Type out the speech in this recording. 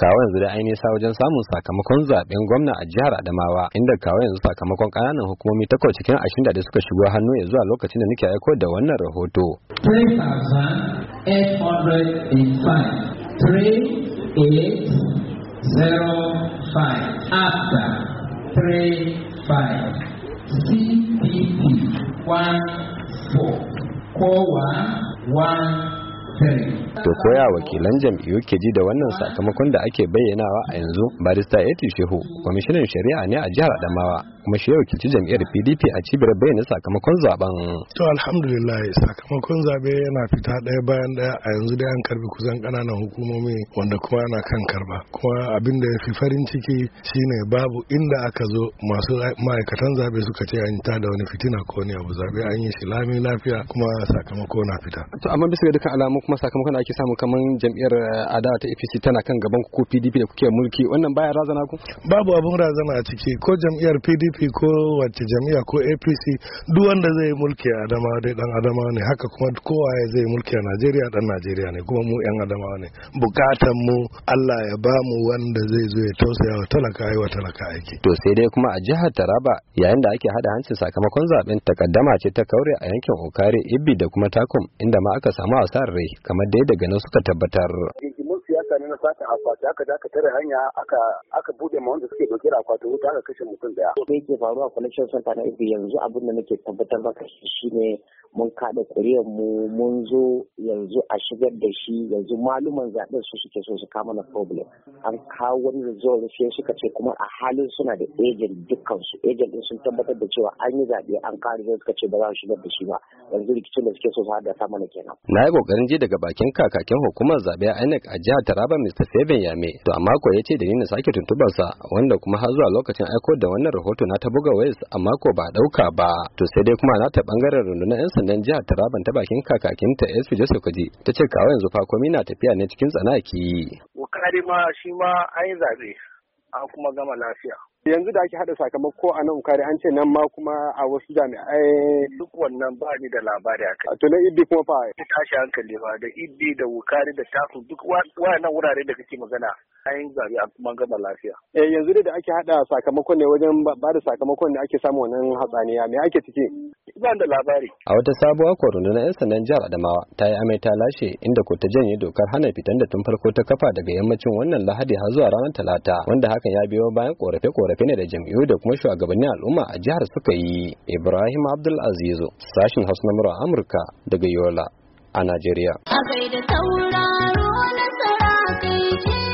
kawo yanzu da ainihin sa wajen samun sakamakon zaben gwamna a jihar Adamawa inda kawo yanzu sakamakon kananan hukumomi takwas cikin ashirin da suka shigo hannu ya zuwa lokacin da nake aiko da wannan rahoto. 3805 after 35 CPP 1 To koya wakilan jam'iyyu ke ji da wannan sakamakon da ake bayyanawa a yanzu barista tushe Shehu kwamishinan shari'a ne a jihar Adamawa kuma shi ya wakilci jam'iyyar PDP a cibiyar bayyana sakamakon zaben. To alhamdulillah sakamakon zabe yana fita ɗaya bayan ɗaya a yanzu dai an karbi kusan ƙananan hukumomi wanda kuma ana kan karba kuma abin da ya fi farin ciki shine babu inda aka zo masu ma'aikatan zabe suka ce an ta da wani fitina ko ne abu zabe an yi shi lami lafiya kuma sakamako na fita. To amma bisa ga dukkan alamu kuma sakamakon da ake samu kamar jam'iyyar eh, adawa ta APC tana kan gaban ku ko PDP da kuke mulki wannan baya razana ku babu abun razana a ciki ko jam'iyyar PDP ko wacce jam'iyya ko APC duk wanda zai mulki a Adamawa dai dan Adama ne haka kuma kowa ya zai mulki a Najeriya dan Najeriya ne kuma mu yan Adama ne bukatan mu Allah ya ba mu wanda zai zo ya tausaya wa talaka ai wa talaka aiki to sai dai kuma a jihar Taraba yayin da ake hada hancin sakamakon zaben takaddama ce ta kaure a yankin Okare Ibbi da kuma Takum inda ma aka samu asarar rai kamar da daga nan suka tabbatar mutane na sata akwati aka da aka tare hanya aka aka bude ma wanda suke dauke da akwatin wuta aka kashe mutum daya. Me yake faruwa connection santa na ibi yanzu abin da nake tabbatar maka shi ne mun kada kuriyar mu mun zo yanzu a shigar da shi yanzu maluman zaɓen su suke so su kama na problem an kawo wani zuwa sai suka ce kuma a halin suna da agent dukkan su agent din sun tabbatar da cewa an yi zaɓe an kawo result suka ce ba za su shigar da shi ba yanzu rikicin da suke so su sama na kenan. Na yi kokarin je daga bakin kakakin hukumar zaɓe INEC a jihar taraba mr seven yame to amma ko ya ce da ni na sake sa wanda kuma har zuwa lokacin aiko da wannan rahoto na ta buga wayarsa amma ko ba dauka ba to sai dai kuma na ta bangaren rundunar yan sandan jihar taraban ta bakin kakakinta sp joseph kaji ta ce kawo yanzu fa komi na tafiya ne cikin tsanaki. Wakari ma shi ma an yi zaɓe a kuma gama lafiya. Yanzu da ake haɗa sakamako a nan kare an ce nan ma kuma a wasu jami'ai. Duk wannan ba ni da labari a kai. To na iddi kuma fa. Tashi hankali ba da iddi da wukari da tafu duk wannan wurare da kake magana an yi zaɓe kuma gama lafiya. Eh yanzu da ake haɗa sakamakon ne wajen ba da sakamakon ne ake samu wannan hatsaniya me ake ciki? ba da labari a wata sabuwa ko rundunar yan sandan jihar Adamawa ta yi amai ta lashe inda ko ta janye dokar hana fitan da tun farko ta kafa daga yammacin wannan Lahadi har zuwa ranar Talata wanda hakan ya biyo bayan korafe korafe ne da jam'iyyu da kuma shugabannin al'umma a jihar suka yi Ibrahim Abdul Aziz sashin Hausa na Amurka daga Yola a Najeriya a da sauraro na kai